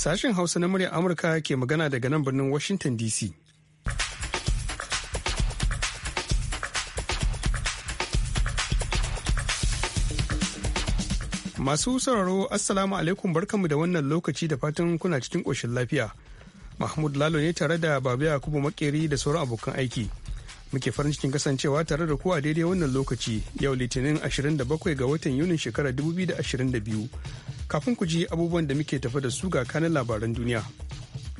Sashen Hausa na muryar Amurka ke magana daga nan birnin Washington DC. Masu sauraro Assalamu alaikum barkanmu da wannan lokaci da fatan kuna cikin ƙoshin lafiya. Mahmud Lalo ne tare da Babu Yakubu Makeri da sauran abokan aiki. muke farin cikin kasancewa tare da a daidai wannan lokaci yau litinin 27 ga watan yunin shekarar 2022 kafin ku ji abubuwan da muke tafa da su ga kanin labaran duniya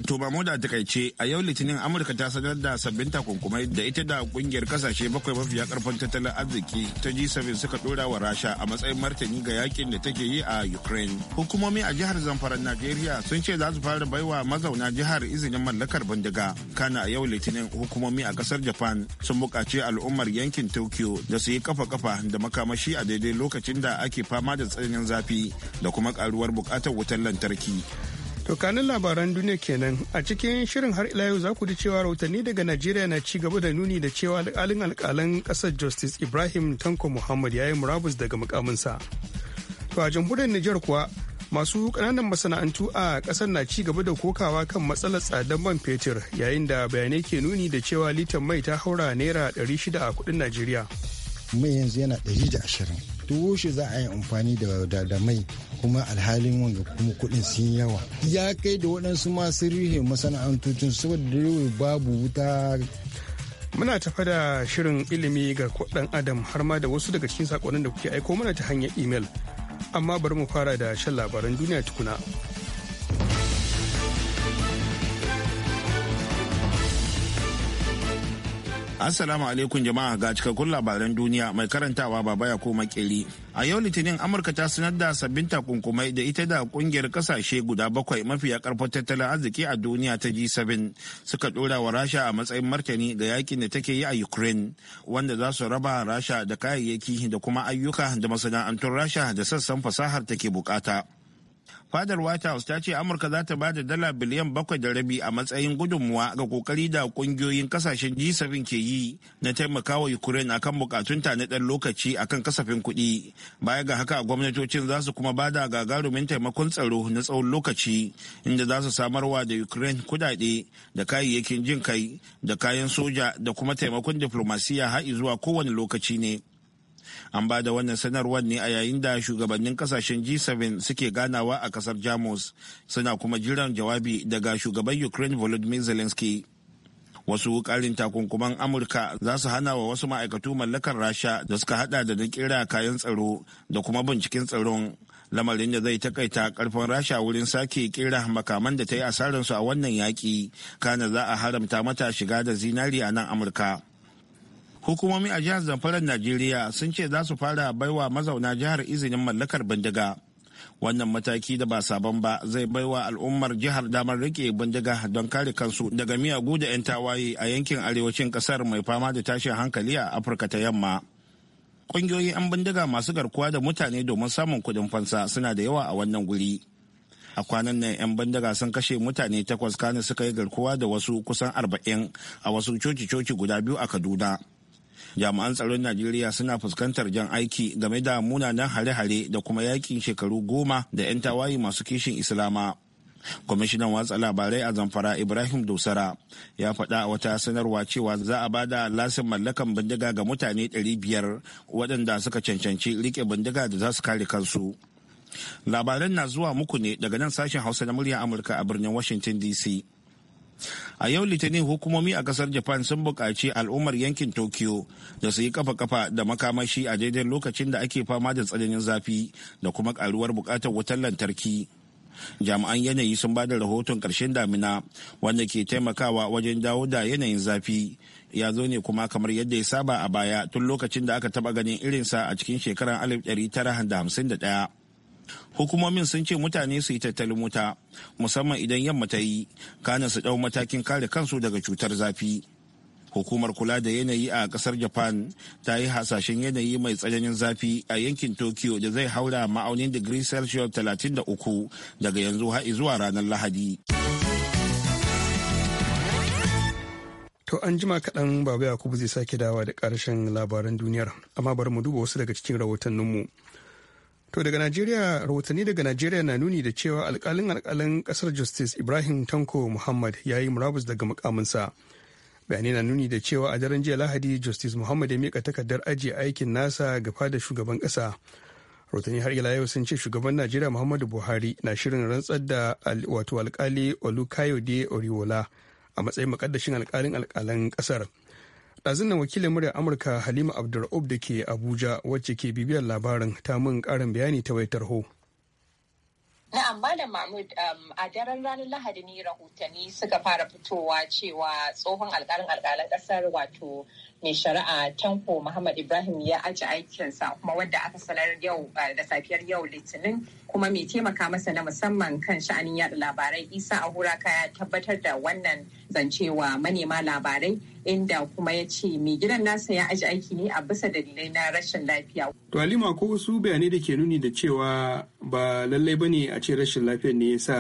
To ba mu da takaice a yau litinin Amurka ta sanar da sabbin takunkumai da ita da kungiyar kasashe bakwai mafiya karfin tattalin arziki ta G7 suka dora wa Rasha a matsayin martani ga yakin da take yi a Ukraine. Hukumomi a jihar Zamfaran Najeriya sun ce za su fara baiwa mazauna jihar izinin mallakar bindiga. Kana a yau litinin hukumomi a kasar Japan sun buƙaci al'ummar yankin Tokyo da su yi kafa-kafa da makamashi a daidai lokacin da ake fama da tsananin zafi da kuma karuwar buƙatar wutar lantarki. To kanin labaran duniya kenan a cikin shirin har ila yau za ku ji cewa rahotanni daga Najeriya na ci gaba da nuni da cewa alƙalin alƙalan ƙasar Justice Ibrahim Tanko Muhammad ya yi murabus daga mukaminsa. To a jamhuriyar Nijar kuwa masu ƙananan masana'antu a ƙasar na ci gaba da kokawa kan matsalar tsadar man fetur yayin da bayanai ke nuni da cewa litan mai ta haura naira 600 a kuɗin Najeriya. Mai yanzu yana 120. Tuwo shi za a yi amfani da mai kuma alhalin wanga kuma kuɗin sun yawa ya kai da waɗansu masu rihe masana'antocin saboda yau babu wuta muna tafa da shirin ilimi ga kuɗin adam har ma da wasu daga cikin sakonnin da kuke aiko mana ta hanyar imel amma bari mu fara da shan labaran duniya tukuna. Assalamu alaikum jama'a ga cikakkun labaran duniya mai karantawa baba ya koma kiri. A yau Litinin Amurka ta sanar da sabbin takunkumai da ita da kungiyar kasashe guda bakwai mafi karfin tattalin arziki a duniya ta G7 suka dora wa Rasha a matsayin martani ga yakin da take yi a Ukraine wanda za su raba Rasha da kayayyaki da kuma ayyuka da masana'antun Rasha da sassan fasahar take bukata. fadar white house ta ce amurka za ta bada dala biliyan bakwai da rabi a matsayin gudunmuwa ga kokari da kungiyoyin kasashen g7 ke yi na taimakawa ukraine akan bukatunta na dan lokaci akan kasafin kuɗi baya ga haka gwamnatocin za su kuma da gagarumin taimakon tsaro na tsawon lokaci inda za su samarwa da ukraine kudade da kayayyakin jin kai da kayan soja da kuma taimakon diflomasiya har zuwa kowane lokaci ne An ba da wannan sanarwar ne a yayin da shugabannin kasashen G7 suke ganawa a kasar Jamus suna kuma jiran jawabi daga shugaban Ukraine Volodymyr Zelensky. Wasu karin takunkuman Amurka za su hana wa wasu ma'aikatu mallakar Rasha da suka hada da na kira kayan tsaro da kuma binciken tsaron. Lamarin da zai takaita karfin Rasha wurin sake kira makaman da ta yi asararsu a wannan yaki kana za a haramta mata shiga da zinari a nan Amurka. hukumomi a jihar zamfarar najeriya sun ce za su fara baiwa mazauna jihar izinin mallakar bindiga wannan mataki da ba sabon ba zai baiwa al'ummar jihar damar rike bindiga don kare kansu daga miyagu da 'yan tawaye a yankin arewacin kasar mai fama da tashin hankali a afirka ta yamma ƙungiyoyin 'yan bindiga masu garkuwa da mutane domin samun kudin fansa suna da yawa a wannan guri a kwanan nan 'yan bindiga sun kashe mutane takwas kane suka yi garkuwa da wasu kusan arba'in a wasu coci-coci guda biyu a kaduna jami'an tsaron najeriya suna fuskantar jan aiki game da munanan hare-hare da kuma yakin shekaru goma da 'yan tawayi masu kishin islama kwamishinan watsa labarai a zamfara ibrahim dosara ya faɗa a wata sanarwa cewa za a ba da lasin mallakan bindiga ga mutane 500 waɗanda suka cancanci rike bindiga da za su kare kansu labaran na zuwa muku ne daga nan sashen hausa na murya amurka a birnin washington dc a yau litinin hukumomi a kasar japan sun buƙaci al'ummar yankin tokyo da su yi kafa-kafa da makamashi a daidai lokacin da ake fama da tsananin zafi da kuma ƙaruwar buƙatar wutar lantarki jami'an yanayi sun ba da rahoton ƙarshen damina wanda ke taimakawa wajen dawo da yanayin zafi ya zo ne kuma kamar yadda ya saba a baya tun lokacin da aka taba ganin irinsa a cikin shekarar 1951 hukumomin sun ce mutane su yi tattalin wuta musamman idan yamma ta yi kana su ɗau matakin kare kansu daga cutar zafi hukumar kula da yanayi a kasar japan ta yi hasashen yanayi mai tsananin zafi a yankin tokyo da zai haura ma'aunin digiri celsius 33 daga yanzu har zuwa ranar lahadi to an jima kaɗan baba yakubu zai sake dawa da ƙarshen labaran duniyar amma bari mu duba wasu daga cikin rahotanninmu mu To daga Najeriya rahotanni daga Najeriya na nuni da cewa alkalin alkalin kasar Justice Ibrahim Tanko Muhammad ya yi murabus daga mukaminsa. Bayanai na nuni da cewa a daren jiya Lahadi Justice Muhammad ya mika takardar ajiye aikin nasa ga fada shugaban ƙasa, Rahotanni har ila yau sun ce shugaban Najeriya Muhammadu Buhari na shirin rantsar da wato alkali Olukayode Oriwola a matsayin makaddashin alkalin alkalin ƙasar. a wakilin muryar amurka halima abdulub da ke abuja wacce ke bibiyar labarin ta min karin bayani ta waitar ho Na'am Malam Mahmud um, a daren ranar Lahadi ne rahotanni suka fara fitowa cewa tsohon alkalin alƙalin ƙasar wato mai shari'a tanko muhammad ibrahim ya aji aikinsa kuma wadda aka sanar yau eh, da safiyar yau litinin kuma mai taimaka masa na musamman kan sha'anin yada labarai isa ahuraka ya tabbatar da wannan zancewa manema labarai inda kuma ya ce mai gidan nasa ya aji aiki ne a bisa dalilai na rashin lafiya. to halima ko wasu bayanai da ke nuni da cewa ba lallai ba ne a ce rashin lafiyar ne ya sa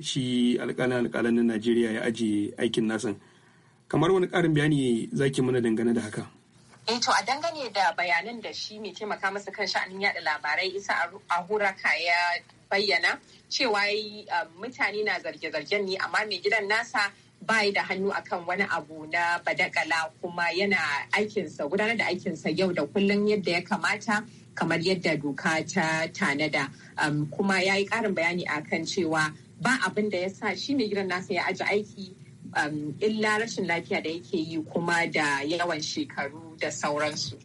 shi alƙalan alƙalan na najeriya ya ajiye aikin nasan kamar wani ƙarin bayani zaki mana dangane da haka eh to a dangane da bayanan da shi mai taimaka masa kan sha'anin yada labarai isa a huraka ya bayyana cewa eh, mutane na zarge-zargen ne amma mai gidan nasa bai da hannu akan wani abu na badakala kuma yana aikinsa gudanar da aikinsa yau da kullum yadda ya kamata kamar yadda doka ta tanada kuma ya yi karin bayani akan cewa ba abin da ya sa shi mai gidan nasa ya aji aiki Um, illa rashin lafiya da yake yi kuma da yawan shekaru da sauransu.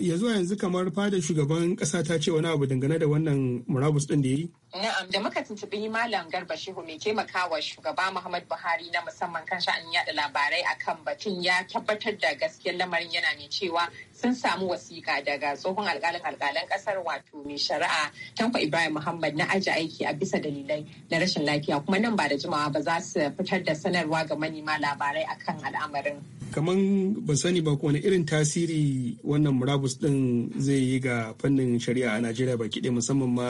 ya zuwa yanzu kamar fada shugaban kasa ta ce wani abu dangane da wannan murabus din da ya yi? Na'am da muka tuntuɓi Malam Garba Shehu mai taimakawa shugaba Muhammad Buhari na musamman kan sha'anin yada labarai akan batun ya tabbatar da gaskiyar lamarin yana mai cewa sun samu wasiƙa daga tsohon alƙalin alƙalan ƙasar wato mai shari'a Tanko Ibrahim Muhammad na aji aiki a bisa dalilai na rashin lafiya kuma nan ba da jimawa ba za su fitar da sanarwa ga manema labarai akan al'amarin. kaman ban sani ba wani irin tasiri wannan murabus din zai yi ga fannin shari'a a najeriya baki ɗaya musamman ma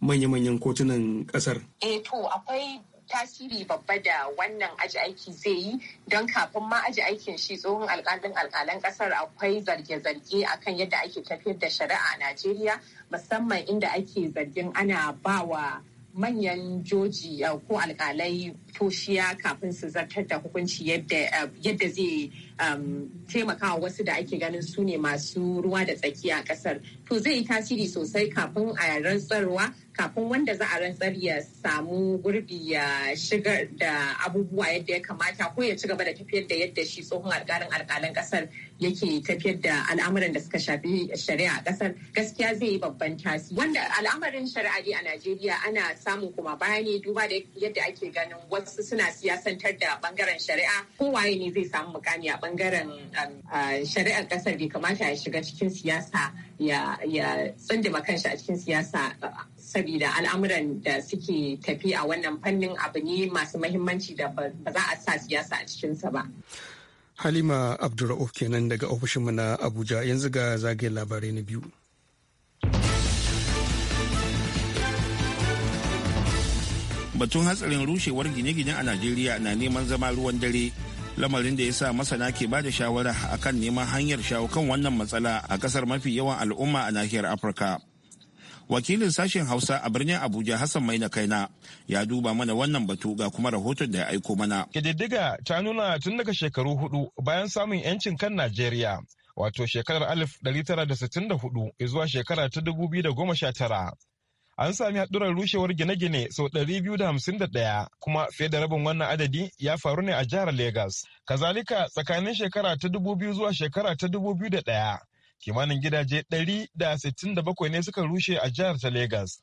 manya-manyan kotunan ƙasar. eh to akwai tasiri babba da wannan aji aiki zai yi don kafin ma aji aikin shi tsohon alkalin alkalan kasar akwai zarge-zarge akan yadda ake tafiyar da shari'a a najeriya musamman inda ake zargin ana bawa manyan joji uh, ko alkalai toshiya kafin su zartar da hukunci yadda uh, zai Um, taimakawa wasu da ake ganin su ne masu ruwa da tsaki a kasar to zai yi tasiri sosai kafin a rantsarwa kafin wanda za a rantsar ya samu gurbi ya shigar da abubuwa yadda ya kamata ko ya ci gaba da tafiyar da yadda shi tsohon alkalin alkalin kasar yake tafiyar da al'amuran da suka shafi shari'a a kasar gaskiya zai yi babban tasiri wanda al'amarin shari'a a najeriya ana samu kuma bayani duba da yadda ake ganin wasu suna siyasantar da bangaren shari'a Ko kowaye ne zai samu mukami a bangaren um, shari'ar kasar bai kamata ya shiga cikin siyasa ya tsindima kanshi a cikin siyasa uh, saboda al'amuran da suke tafi a wannan fannin abu ne masu mahimmanci da ba za a sa siyasa a cikinsa ba. Halima Abdulra'uf kenan daga ofishinmu na Abuja yanzu ga zagayen labarai na biyu. Batun hatsarin rushewar gine-gine a Najeriya na neman zama ruwan dare lamarin da ya sa masana ke bada shawara akan neman hanyar shawo kan wannan matsala a kasar mafi yawan al'umma a nahiyar afirka wakilin sashen hausa a birnin abuja hassan mai maina kaina ya duba mana wannan batu ga kuma rahoton da ya aiko mana kididdiga ta nuna tun daga shekaru hudu bayan samun yancin kan najeriya wato shekarar 1964 zuwa shekara ta 2019 an sami haɗurar rushewar gine-gine sau ɗari ɗaya kuma fiye da rabin wannan adadi ya faru ne a jihar Legas. Kazalika tsakanin shekara ta 2000 zuwa shekara ta 2001 kimanin gidaje bakwai ne suka rushe a jihar ta Legas.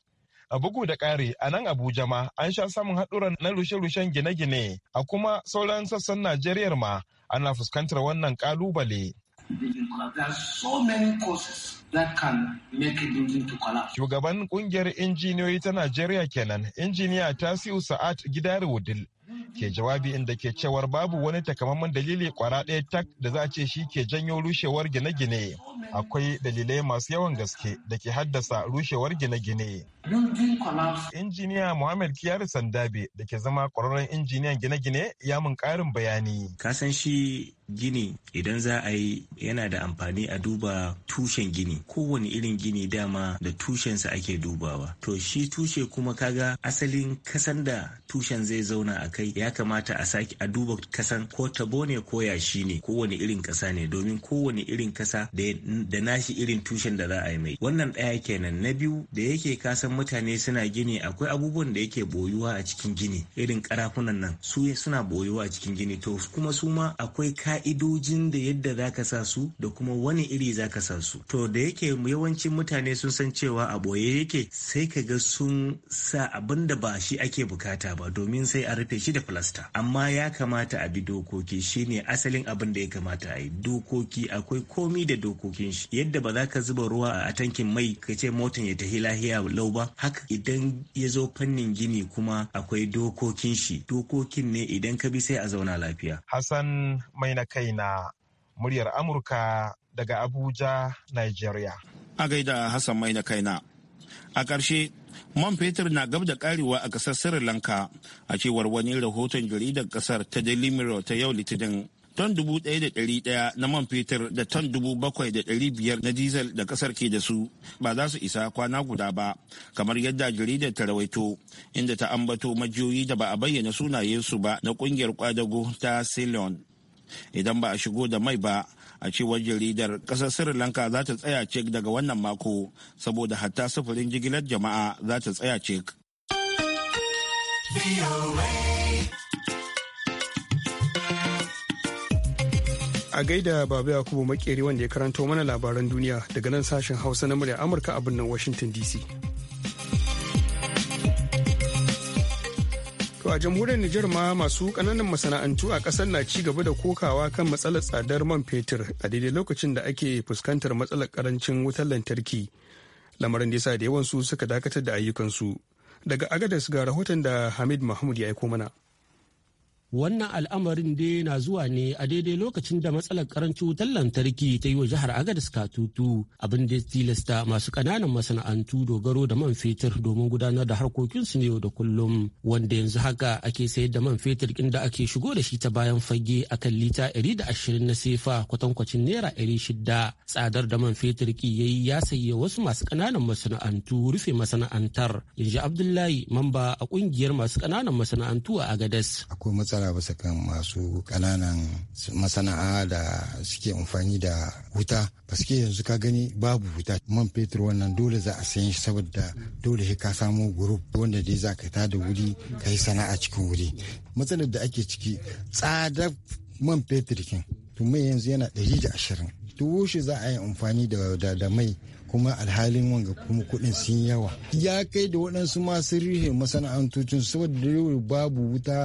A bugu da ƙari a nan Abuja ma an sha samun haɗurar na rushe-rushen gine-gine a kuma sauran sassan Najeriya ma ana fuskantar wannan ƙalubale. Shugaban kungiyar injiniyoyi ta Najeriya kenan, injiniya Tasiu Sa'ad Gidari Wudil ke jawabi inda ke cewar babu wani takamaiman dalili kwara ɗaya tak da za a ce shi ke janyo rushewar gine-gine akwai dalilai masu yawan gaske da ke haddasa rushewar gine-gine injiniya muhammad kiyar sandabe da ke zama kwararren injiniyan gine-gine ya mun ƙarin bayani kasan shi gini idan za a yi yana da amfani a duba tushen gini kowane irin gini dama da tushensa ake dubawa to shi tushe kuma kaga asalin kasan da tushen zai zauna a kai ya kamata a sake a duba kasan ko tabo ne ko yashi ne kowane irin kasa ne domin kowane irin kasa da nashi irin tushen da za a yi mai wannan ɗaya kenan na biyu da yake kasan mutane suna gini akwai abubuwan da yake boyuwa a cikin gini irin karafunan nan su suna boyuwa a cikin gini to kuma su ma akwai ka'idojin da yadda za ka sa su da kuma wani iri za ka sa su to da yake yawancin mutane sun san cewa a boye yake sai ka ga sun sa abin da ba shi ake bukata ba domin sai a rufe shi da plaster amma ya kamata a bi dokoki shine asalin abin da ya kamata a yi dokoki akwai komi da dokokin shi yadda ba za ka zuba ruwa a tankin mai ka ce motan ya tahi lahiya lau ba haka idan ya zo fannin gini kuma akwai dokokin shi dokokin ne idan ka bi sai a zauna lafiya hassan mai na kai na muryar amurka daga abuja nigeria a gaida hassan mai na kaina a ƙarshe man fetur na gab da karewa a kasar sri lanka a cewar wani rahoton jaridar kasar ta daily mirror ta yau litinin ton dubu ɗaya da ɗari ɗaya na man fetur da ton dubu bakwai da ɗari biyar na diesel da kasar ke da su ba za su isa kwana guda ba kamar yadda jaridar ta rawaito inda ta ambato majiyoyi da ba a bayyana sunayensu ba na ƙungiyar kwadago ta ceylon idan ba a shigo da mai ba a cewar jaridar kasar sri lanka za ta tsaya cek daga wannan mako saboda hatta sufurin jigilar jama'a za ta tsaya cek a gaida babu yakubu makeri wanda ya karanto mana labaran duniya daga nan sashen hausa na murya amurka a birnin washington dc a jamhuriyar Nijar ma masu kananan masana'antu a ƙasar na ci gaba da kokawa kan matsalar tsadar man fetur a daidai lokacin da ake fuskantar matsalar karancin wutar lantarki. Lamarin da yasa da yawansu suka dakatar da ayyukansu. Daga Agadas ga rahoton da Hamid Mahmud ya aiko mana. wannan al'amarin dai na zuwa ne a daidai lokacin da matsalar karancin wutar lantarki ta yi wa jihar agadis katutu abin da tilasta masu kananan masana'antu dogaro da man fetur domin gudanar da harkokinsu ne yau da kullum wanda yanzu haka ake sayar da man fetur inda ake shigo da shi ta bayan fage a kan lita 120 na sefa kwatankwacin naira 600 tsadar da man fetur ki yayi ya sayi wasu masu kananan masana'antu rufe masana'antar ji abdullahi mamba a ƙungiyar masu kananan masana'antu a agadas dogara bisa kan masu ƙananan masana'a da suke amfani da wuta paske yanzu ka gani babu wuta man fetur wannan dole za a sayan shi saboda dole ka samo gurup wanda dai za ka ta da wuri ka yi sana'a cikin wuri matsalar da ake ciki tsada man fetur kin to mai yanzu yana ɗari da ashirin to wushe za a yi amfani da mai kuma alhalin wanga kuma kudin sun yawa ya kai da waɗansu masu rihe masana'antocin saboda da babu wuta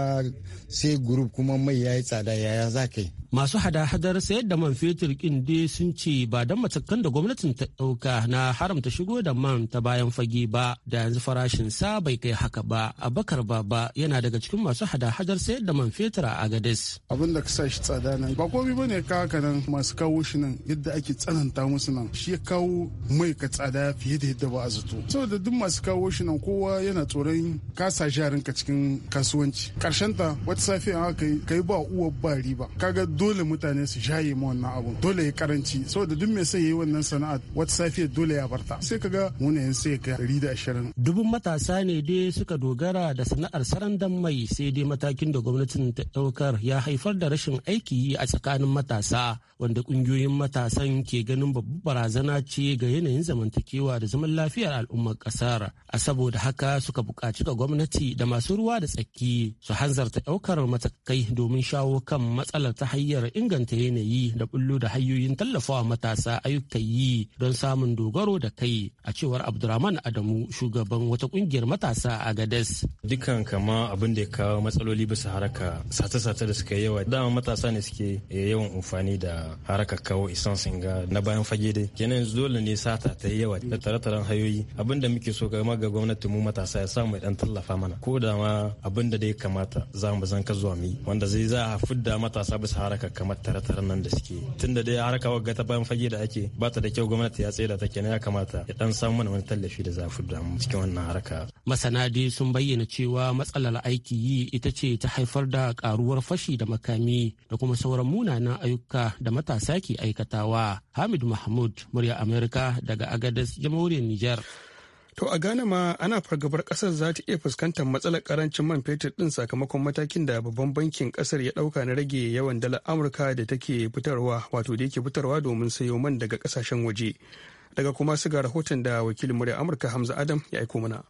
sai gurup kuma mai ya yi tsada yaya za ka yi masu hada-hadar sayar da man fetur dai sun ce ba don matakan da gwamnatin ta ɗauka na haramta shigo da man ta bayan fage ba da yanzu farashin sa bai kai haka ba abakar baba yana daga cikin masu hada-hadar sayar da man fetur a agades abin da ka sa shi tsada nan ba komai bane ka haka nan masu kawo shi nan yadda ake tsananta musu nan shi ya kawo mai ka tsada fiye da yadda ba a zato saboda duk masu kawo shi nan kowa yana tsoron kasa jarin ka cikin kasuwanci karshen ta wata safiya haka kai ba uwa ba riba kaga dole mutane su jaye ma wannan abu. dole ya karanci saboda duk mai sai yayi wannan sana'a wata safiya dole ya barta sai kaga munayen sai ka da ashirin. dubun matasa ne dai suka dogara da sana'ar sarandan mai sai dai matakin da gwamnatin ta daukar ya haifar da rashin aiki a tsakanin matasa wanda kungiyoyin matasan ke ganin babbar barazana ce ga yanayin yanayin zamantakewa da zaman lafiyar al'ummar kasar a saboda haka suka bukaci ga gwamnati da masu ruwa da tsaki su hanzarta ɗaukar matakai domin shawo kan matsalar ta hanyar inganta yanayi da bullo da hanyoyin tallafawa matasa ayyukan yi don samun dogaro da kai a cewar abdurrahman adamu shugaban wata kungiyar matasa a gadas dukkan kama abin da ya kawo matsaloli bisa haraka sata-sata da suka yawa dama matasa ne suke eh, yawan amfani da haraka kawo isan singa na bayan fage dai kenan dole ne sa sata ta yawa da tare-taren hayoyi abin da muke so ga ga gwamnati mu matasa ya samu dan tallafa mana ko da ma abin da dai kamata za mu zanka zuwa mu wanda zai za a fudda matasa bisa haraka kamar tare-taren nan da suke tunda dai haraka wagga ta bayan fage da ake ba ta da kyau gwamnati ya tsaya da ta ne ya kamata ya dan samu mana wani tallafi da za a fudda mu cikin wannan haraka masana sun bayyana cewa matsalar aiki yi ita ce ta haifar da karuwar fashi da makami da kuma sauran munanan ayyuka da matasa ke aikatawa hamid mahmud murya amerika daga Agadez, jamhuriyar Nijar. To a Ghana ma ana fargabar kasar za ta iya fuskantar matsalar karancin man fetur din sakamakon matakin da babban bankin kasar ya dauka na rage yawan dalar Amurka da take fitarwa wato da yake fitarwa domin sayo man daga kasashen waje. Daga kuma su ga rahoton da wakilin murya Amurka Hamza Adam ya aiko mana.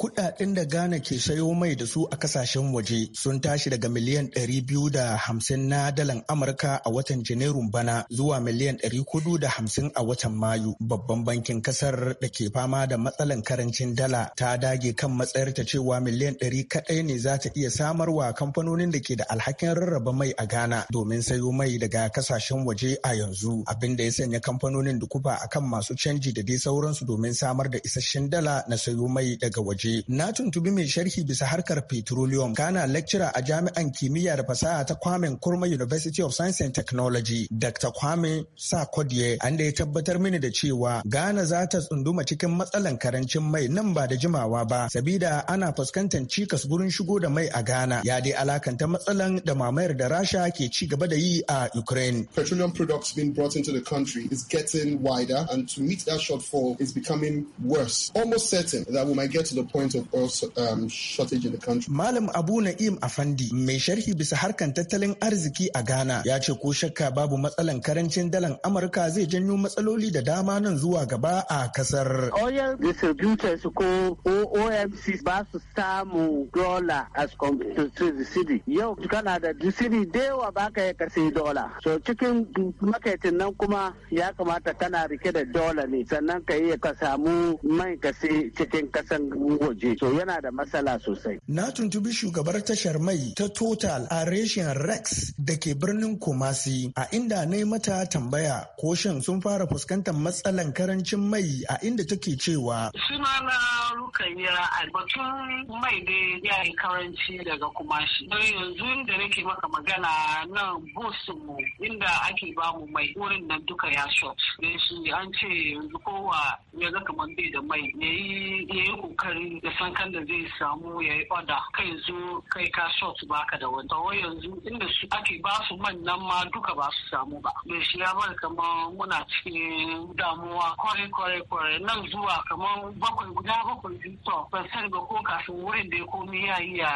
kudaden da Ghana ke sayo mai da su a kasashen waje sun tashi daga miliyan 250 na dalan Amurka a watan Janairun bana zuwa miliyan 450 a watan Mayu. Babban bankin kasar da ke fama da matsalan karancin dala ta dage kan matsayar ta cewa miliyan 100 kadai ne za ta iya samarwa kamfanonin da ke da alhakin rarraba mai a Ghana domin sayo mai daga kasashen waje a yanzu abin da ya sanya kamfanonin dukufa akan masu canji da dai sauransu domin samar da isasshen dala na sayo mai daga waje. ƙarshe na tuntubi mai sharhi bisa harkar petroleum kana lecturer a jami'an kimiyya da fasaha ta Kwame Kurma University of Science and Technology Dr. Kwame Sakodiye an da ya tabbatar mini da cewa Ghana za ta tsunduma cikin matsalan karancin mai nan ba da jimawa ba sabida ana fuskantar cikas gurin shigo da mai a Ghana ya dai alakanta matsalan da mamayar da Rasha ke ci gaba da yi a Ukraine. Petroleum products being brought into the country is getting wider and to meet that shortfall is becoming worse. Almost certain that we might get to the point of oil um, shortage in the country. Malam Abu Na'im Afandi mai sharhi bisa harkan tattalin arziki a Ghana ya ce ko shakka babu matsalan karancin dalan Amurka zai janyo matsaloli da dama nan zuwa gaba a kasar. Oil distributors ko OMC ba su samu dola as compared to city. Yau kana da city da yawa ba ka yi kasi dola. So cikin makaitin nan kuma ya kamata kana rike da dola ne sannan ka yi ka samu mai ka cikin kasan waje to yana da matsala sosai. Na tuntubi shugabar tashar mai ta Total a reshen Rex da ke birnin Kumasi a inda na yi mata tambaya ko shin sun fara fuskantar matsalan karancin mai a inda take cewa. Sunana Rukayya a batun mai da ya yi karanci daga Kumasi. Don yanzu da nake maka magana nan bosinmu inda ake bamu mai wurin nan duka ya shot. shi an ce yanzu kowa ya ga kamar bai da mai ya yi kokari mutum kan da zai samu ya yi oda kai zo kai ka shot ka da wani tawo yanzu inda su ake ba su man ma duka ba su samu ba me shi ya bar kamar muna cikin damuwa kore-kore, nan zuwa kamar bakwai guda bakwai biyu to ban san ba ko kafin wurin da ya komi ya yi ya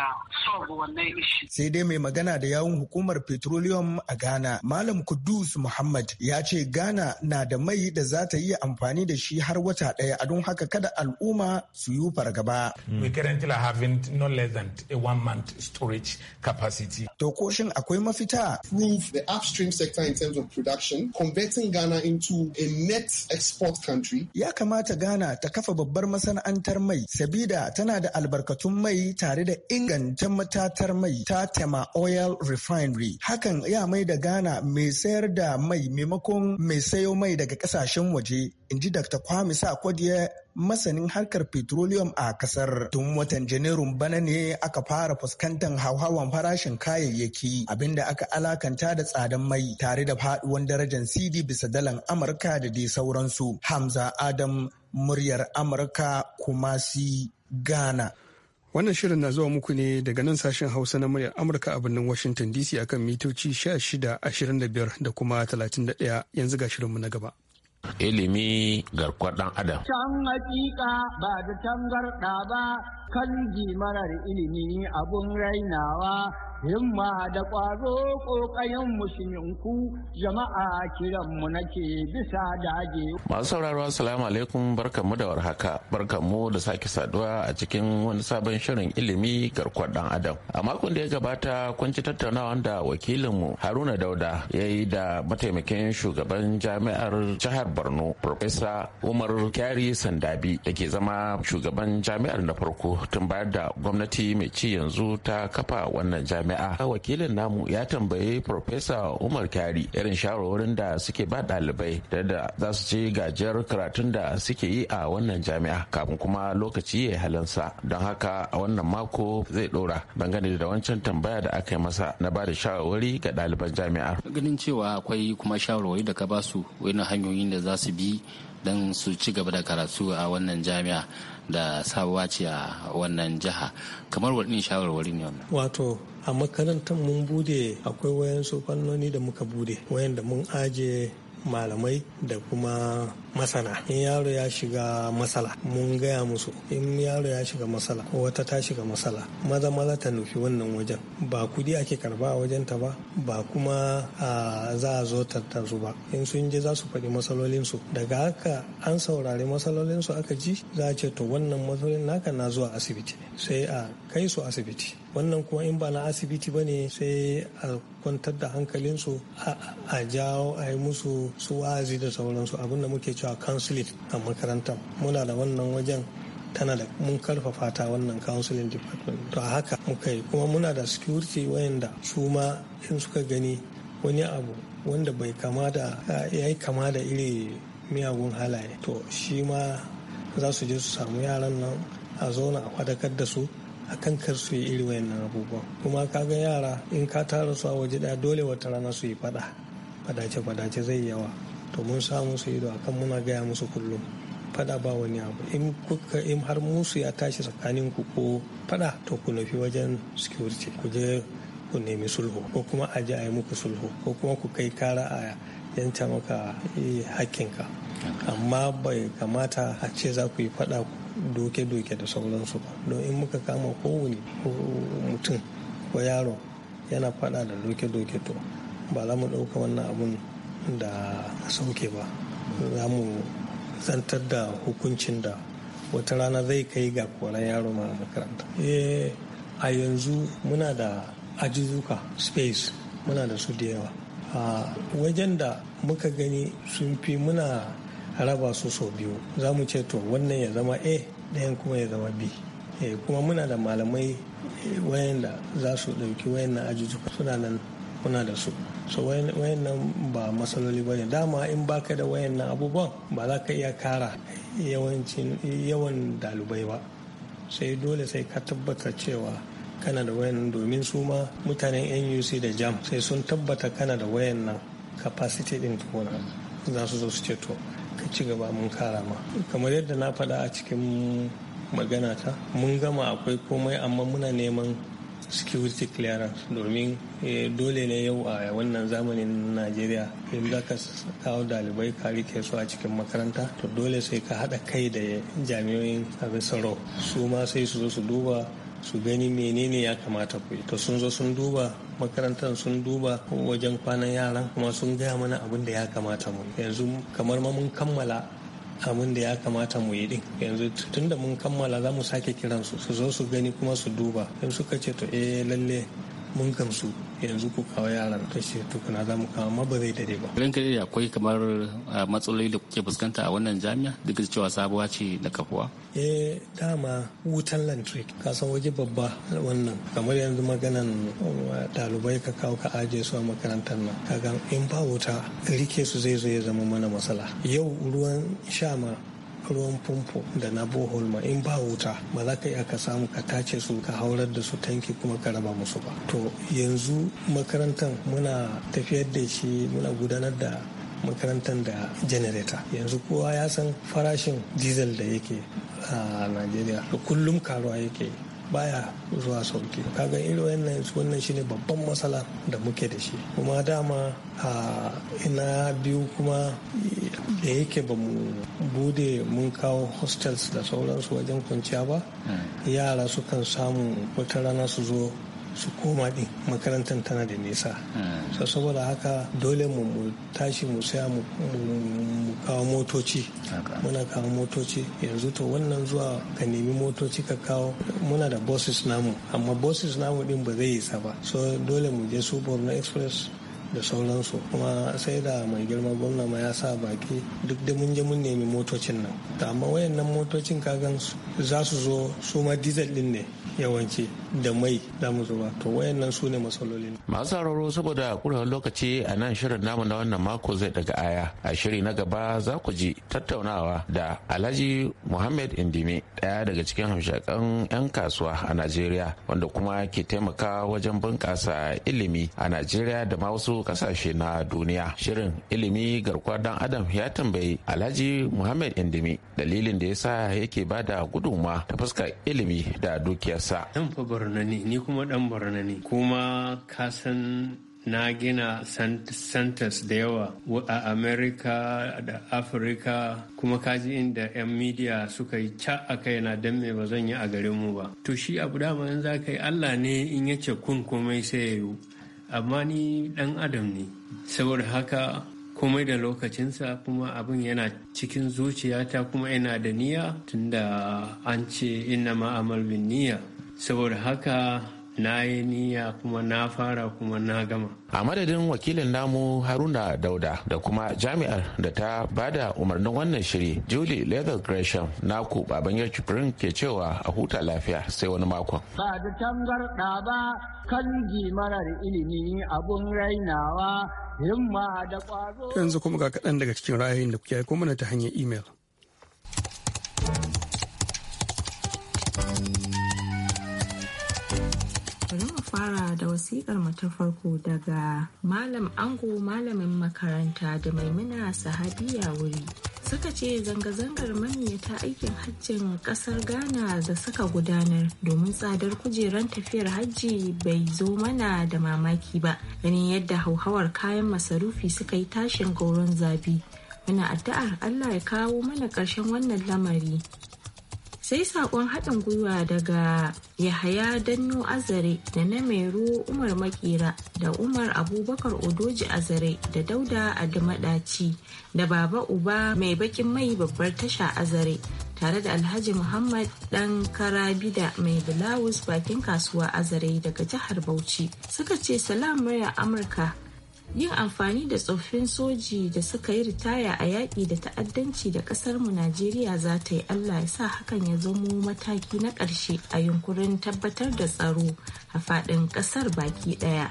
solve wannan ishi. sai dai mai magana da yawun hukumar petroleum a ghana malam kudus muhammad ya ce ghana na da mai da za ta yi amfani da shi har wata ɗaya a don haka kada al'umma su yi fargaba gaba. Mm. We currently have no less than a one month storage capacity. To akwai mafita. Prove the upstream sector in terms of production, converting Ghana into a net export country. Ya kamata Ghana ta kafa babbar masana'antar mai sabida tana da albarkatun mai tare da inganta matatar mai ta Tema Oil Refinery. Hakan ya mai da Ghana mai sayar da mai maimakon mai sayo mai daga kasashen waje, inji Dr. Kwame Sakwadiyar masanin harkar petroleum a kasar tun watan janairun bana ne aka fara fuskantar hauhawan farashin kayayyaki abinda aka alakanta da tsadan mai tare da faduwan darajar cd bisa dalan amurka da dai sauransu hamza adam muryar amurka kumasi ghana Wannan shirin na zuwa muku ne daga nan sashen Hausa na muryar Amurka a birnin Washington DC akan mitoci 25 da kuma 31 yanzu ga shirinmu na gaba. ilimi garkuwar dan adam. Can hakika ba da tangarɗa ba kan marar ilimi abun rainawa himma da ƙwazo ƙoƙayen musulminku jama'a kiranmu nake bisa dage. Masu sauraro assalamu alaikum barkanmu da warhaka barkanmu da sake saduwa a cikin wani sabon shirin ilimi garkuwar dan adam. A makon da ya gabata kun ci tattaunawa da wakilinmu Haruna Dauda ya yi da mataimakin shugaban jami'ar jihar Borno Profesa Umar Kyari Sandabi da ke zama shugaban jami'ar na farko tun bayar da gwamnati mai ci yanzu ta kafa wannan jami'ar. jami'a wakilin namu ya tambayi Profesa Umar kari irin shawarwarin da suke ba ɗalibai da za su ci gajiyar karatun da suke yi a wannan jami'a kafin kuma lokaci ya halansa don haka a wannan mako zai ɗora dangane da wancan tambaya da aka yi masa na ba da shawarwari ga ɗaliban jami'a Ganin cewa akwai kuma shawarwari da ka ba su wani hanyoyin da za su bi don su ci gaba da karatu a wannan jami'a da sabuwa ce a wannan jiha kamar waɗannan shawarwari ne wannan wato a makarantar mun bude akwai wayan wayansu fannoni da muka bude wayan da mun aje malamai da kuma masana in yaro ya shiga matsala mun gaya musu in yaro ya shiga matsala ko wata ta shiga matsala maza maza ta nufi wannan wajen ba kudi ake karba a wajen ta ba ba kuma a za a zo tattazu ba in sun je za su faɗi su daga haka an saurari matsalolinsu aka ji za a ce to wannan matsalolin naka na zuwa asibiti sai a kai su asibiti wannan kuma in ba na asibiti ba ne sai a kwantar da hankalinsu a jawo a yi musu su wa'azi da sauransu abinda muke cewa consulate a makarantar muna da wannan wajen tana da mun karfafa ta wannan counseling department to a haka muka yi kuma muna da security wayanda su ma in suka gani wani abu wanda bai kama da ya kama da iri miyagun halaye to shi ma za su je su samu yaran nan a zauna a fadakar da su a kan kar su yi iri wayannan abubuwan kuma ga yara in ka tara su a waje daya dole wata rana su yi fada fadace fadace zai yawa to mun samu su ido kan muna gaya musu kullum fada ba wani abu in kuka in har musu ya tashi tsakanin ku ko fada to ku nufi wajen security ku je ku nemi sulhu ko kuma a je a yi muku sulhu ko kuma ku kai kara a yanta maka eh, hakkinka amma bai kamata a ce za ku yi fada ku doke-doke da sauransu don in muka kama kowane mutum ko yaro yana fada da doke-doke to ba za mu ɗauka wannan abun da sauke ba za mu zantar da hukuncin da wata rana zai kai ga koran yaro ma a makaranta eh, a yanzu muna da ajizuka space muna da su da yawa ah, wajen da muka gani sun fi muna haraba su sau biyu za mu ce to wannan ya zama a ɗayan kuma ya zama b eh, kuma muna da malamai eh, wayanda za su ɗauki wayannan ajujuka suna nan muna da su so wayannan ba matsaloli ba ne dama in baka da wayannan abubuwan ba za ka iya kara yawan dalibai ba sai dole sai ka tabbata cewa kana da wayan domin su ma mutanen nuc da jam sai sun tabbata kana da wayan nan capacity din tukuna za su zo su ce to ka ci gaba mun kara ma kamar yadda na faɗa a cikin magana ta mun gama akwai komai amma muna neman security clearance domin eh, dole ne yau a wannan zamanin najeriya in za ka kawo dalibai ka rike su a cikin makaranta to dole sai ka haɗa kai da jami'oyin abin tsaro su ma sai su zo su duba su gani menene ya kamata ku to sun zo sun duba makarantar sun duba wajen kwanan yaran kuma sun gaya mana abin da ya kamata mu yanzu kamar ma mun kammala abin da ya kamata mu yi din yanzu tun da mun kammala za mu sake kiransu su zo su gani kuma su duba in suka ce to eh lalle mun gamsu yanzu zuku kawo yaran ta tukuna za mu kawo amma ba zai dare ba. Ranka dai akwai kamar ah, matsaloli da kuke fuskanta a wannan jami'a duk da cewa sabuwa ce da kafuwa. Eh dama wutan lantarki ka san waje babba wannan kamar yanzu maganan dalibai ah, ka kawo ka ajiye su a makarantar nan kaga in ba wuta rike su zai zo ya zama mana matsala yau ruwan sha ma ruwan famfo da na bohol ma in ba wuta ba za ka iya ka samu ka tace su ka haurar da su tanki kuma ka raba musu ba to yanzu makarantar muna tafiyar da shi muna gudanar da makarantar da janareta yanzu kowa ya san farashin diesel da yake a najeriya kullum karuwa yake baya zuwa sauki kaga irin wannan wannan shine babban matsala da muke da shi kuma dama a ina biyu kuma da yake ba mu bude mun kawo hostels da sauransu wajen kwanciya ba hmm. yara sukan samu wata rana su zo su koma din makarantar tana da nisa hmm. so saboda haka dole mu tashi mu saya mu kawo motoci muna kawo motoci yanzu to wannan zuwa ka nemi motoci ka kawo muna da bosses namu amma bosses namu din ba zai yi ba so dole mu je su borno express da sauransu kuma sai da mai girma gwamna ma ya sa baki duk da mun je mun nemi motocin nan ta amma wayannan motocin kagan za su zo su ma diesel din ne yawanci da mai da mu zuba to wayannan su ne matsalolin masu sauraro saboda kurewar lokaci a nan shirin namu na wannan mako zai daga aya a shiri na gaba za ku ji tattaunawa da alhaji muhammad indimi daya daga cikin hamshakan 'yan kasuwa a najeriya wanda kuma ke taimaka wajen bunkasa ilimi a najeriya da ma wasu kasashe na duniya shirin ilimi garkuwar dan adam ya tambayi alhaji muhammad indimi dalilin da ya sa yake ba da gudunma ta fuskar ilimi da dukiyarsa dan fa barnani ni kuma dan barnani. kuma ka san na gina centers da yawa a america da afirka kuma kaji inda 'yan media suka yi ca a na don me ba zan yi a garinmu ba to shi abu dama in za ka yi allah ne in yace kun komai sai ya yi amma ni dan adam ne saboda haka komai da lokacinsa kuma abin yana cikin zuciyata kuma yana da niyya tunda an ce ina ma'amal bin niyya saboda haka na yi niyya kuma na fara kuma na gama. A madadin wakilin namu Haruna Dauda da kuma jami'ar da ta bada umarnin wannan shiri Julie Leather Gresham naku baban yarki ke cewa a huta lafiya sai wani makon. Ba da tangarɗa ba kan marar ilimi abun rainawa himma da ƙwazo. Yanzu kuma ga kaɗan daga cikin ra'ayoyin da kuke aiko mana ta hanyar imel. fara da wasikar mu ta farko daga Malam Ango Malamin makaranta da Maimuna Sahadiya wuri. suka ce zanga-zangar ta aikin hajjin ƙasar ghana da suka gudanar domin tsadar kujeran tafiyar hajji bai zo mana da mamaki ba ganin yadda hauhawar kayan masarufi suka yi tashin gauron zabi muna addu'ar allah ya kawo mana ƙarshen wannan lamari sai saƙon haɗin gwiwa daga yahaya danyo azare da na mero umar makera da umar abubakar odoji azare da dauda adamadaci da baba uba mai bakin mai babbar tasha azare tare da alhaji muhammad dan karabida mai bulawus bakin kasuwa azare daga jihar bauchi suka ce salam murya amurka yin amfani da tsoffin soji da suka yi ritaya a yaƙi da ta'addanci da ƙasar mu najeriya za ta yi allah ya sa hakan ya zamo mataki na ƙarshe a yunkurin tabbatar da tsaro a faɗin ƙasar baki ɗaya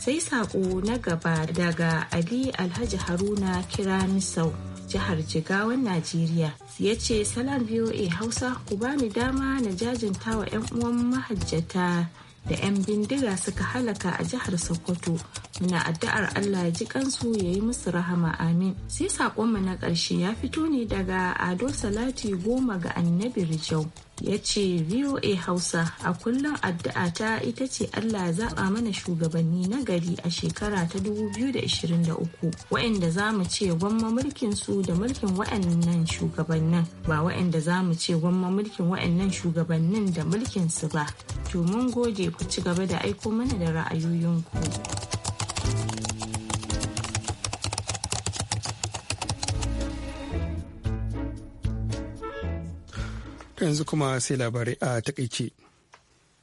sai saƙo na gaba daga ali alhaji haruna kira misau jihar jigawan najeriya ya ce salam voa hausa ku ba ni dama na jajinta wa 'yan uwan mahajjata da 'yan bindiga suka halaka a jihar Sokoto. Muna addu'ar Allah ya ji kansu ya yi musu rahama amin. Sai saƙonmu na ƙarshe ya fito ne daga Ado Salati goma ga annabi Rijau. ya ce voa hausa a kullum addu'a ta ita ce allah zaɓa mana shugabanni na gari a shekara ta 2023 wa'inda za mu ce gwamma mulkin su da mulkin wa'annan shugabannin ba wa'inda za mu ce gwamma mulkin wa'annan shugabannin da mulkin su ba to mun gode ku ci gaba da aiko mana da ra'ayoyinku. yanzu kuma sai labarai a takaice.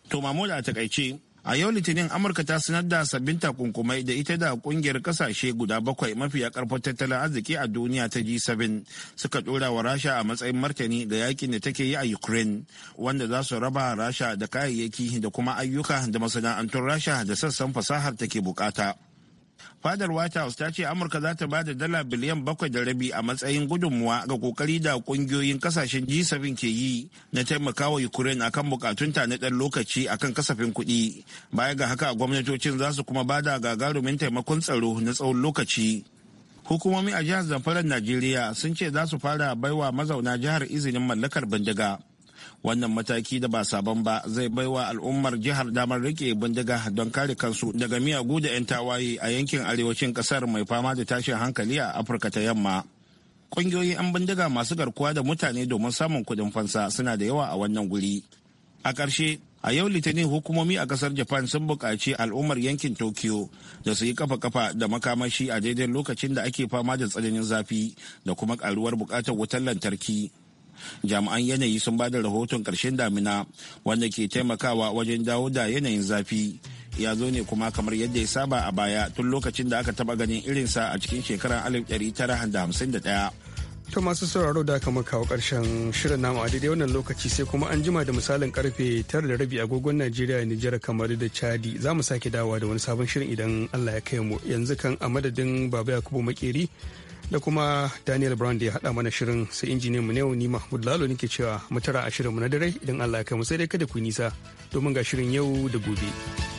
To Mahmud a takaice a yau litinin amurka ta sanar da sabbin takunkumai da ita da kungiyar kasashe guda bakwai mafiya karfin tattalin arziki a duniya ta g7 suka dora wa rasha a matsayin martani ga yakin da take yi a ukraine wanda za su raba rasha da kayayyaki da kuma ayyuka da masana'antun rasha da sassan fasahar take bukata fadar white house ta ce amurka za ta ba da dala biliyan bakwai da rabi a matsayin gudunmuwa ga kokari da kungiyoyin kasashen g7 ke yi na taimakawa ukraine akan bukatunta na ɗan lokaci akan kasafin kuɗi baya ga haka gwamnatocin za su kuma ba da gagarumin taimakon tsaro na tsawon lokaci hukumomi a jihar Zamfara najeriya sun ce za su fara baiwa mazauna jihar izinin mallakar bindiga wannan mataki da ba sabon ba zai baiwa al'ummar jihar damar rike bindiga don kare kansu daga miyagu da 'yan tawaye a yankin arewacin kasar mai fama da tashin hankali a afirka ta yamma ƙungiyoyin 'yan bindiga masu garkuwa da mutane domin samun kuɗin fansa suna da yawa a wannan guri a ƙarshe a yau litinin hukumomi a kasar japan sun buƙaci al'ummar yankin tokyo da su yi kafa-kafa da makamashi a daidai lokacin da ake fama da tsananin zafi da kuma ƙaruwar buƙatar wutar lantarki jami'an yanayi sun ba da rahoton ƙarshen damina wanda ke taimakawa wajen dawo da yanayin zafi ya zo ne kuma kamar yadda ya saba a baya tun lokacin da aka taba ganin irinsa a cikin shekarar 1951 To masu sauraro da aka kawo karshen shirin namu a daidai wannan lokaci sai kuma an jima da misalin karfe tara da rabi agogon Najeriya Nijar kamar da Chadi za mu sake dawowa da wani sabon shirin idan Allah ya kai mu yanzu kan a madadin Baba Yakubu Makeri da kuma daniel brown da ya haɗa mana shirin sai injiniyan mu yau ni mahmud lalo nake cewa mutara a shirin mu na dare idan allah ya kai mu sai dai kada ku nisa domin ga shirin yau da gobe.